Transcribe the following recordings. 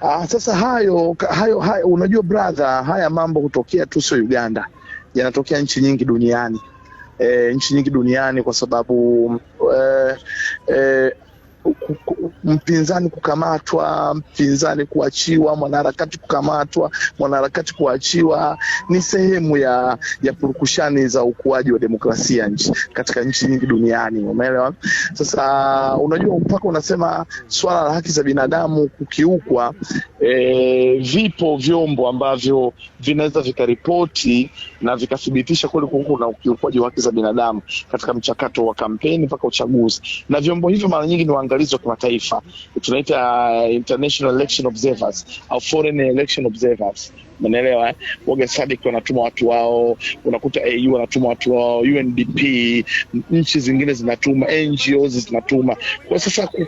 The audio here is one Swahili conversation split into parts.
Ah, sasa hayo, hayo, hayo unajua brother, haya mambo hutokea tu, sio Uganda, yanatokea nchi nyingi duniani. E, nchi nyingi duniani kwa sababu e, e, mpinzani kukamatwa, mpinzani kuachiwa, mwanaharakati kukamatwa, mwanaharakati kuachiwa, ni sehemu ya ya purukushani za ukuaji wa demokrasia nchi katika nchi nyingi duniani, umeelewa? Sasa unajua mpaka unasema swala la haki za binadamu kukiukwa, e, vipo vyombo ambavyo vinaweza vikaripoti na vikathibitisha kweli kuko na ukiukwaji wa haki za binadamu katika mchakato wa kampeni mpaka uchaguzi, na vyombo hivyo mara nyingi ni waangalizi wa kimataifa tunaita uh, international election observers au foreign election observers, eh? Waga SADC wanatuma watu wao, unakuta AU wanatuma watu wao, UNDP, nchi zingine zinatuma, NGOs zinatuma. Kwa sasa ku,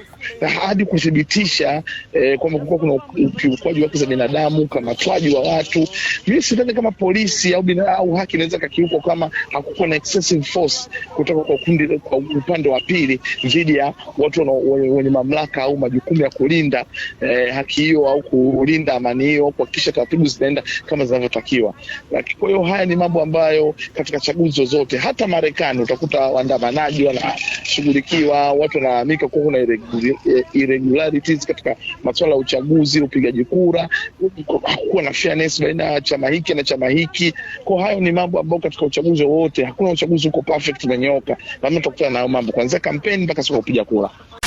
hadi kuthibitisha eh, kwamba kulikuwa kuna ukiukwaji wa haki za binadamu, ukamatwaji wa watu, mimi sidhani kama polisi au bina, au haki inaweza kakiukwa kama hakukuwa na excessive force kutoka kwa kundi kwa upande wa pili dhidi ya watu wa, wenye, wenye mamlaka au majukumu ya kulinda eh, haki hiyo au kulinda amani hiyo au kuhakikisha taratibu zinaenda kama zinavyotakiwa. Lakini Kwa hiyo haya ni mambo ambayo katika chaguzi zozote, hata Marekani utakuta waandamanaji wanashughulikiwa, watu wanalalamika kuwa kuna eh, irregularities katika masuala ya uchaguzi, upigaji kura, hakuwa na fairness baina ya chama hiki na chama hiki. Kwa hayo ni mambo ambayo katika uchaguzi wowote, hakuna uchaguzi uko perfect umenyoka, lazima tutakutana nayo mambo kuanzia kampeni mpaka siku ya kupiga kura.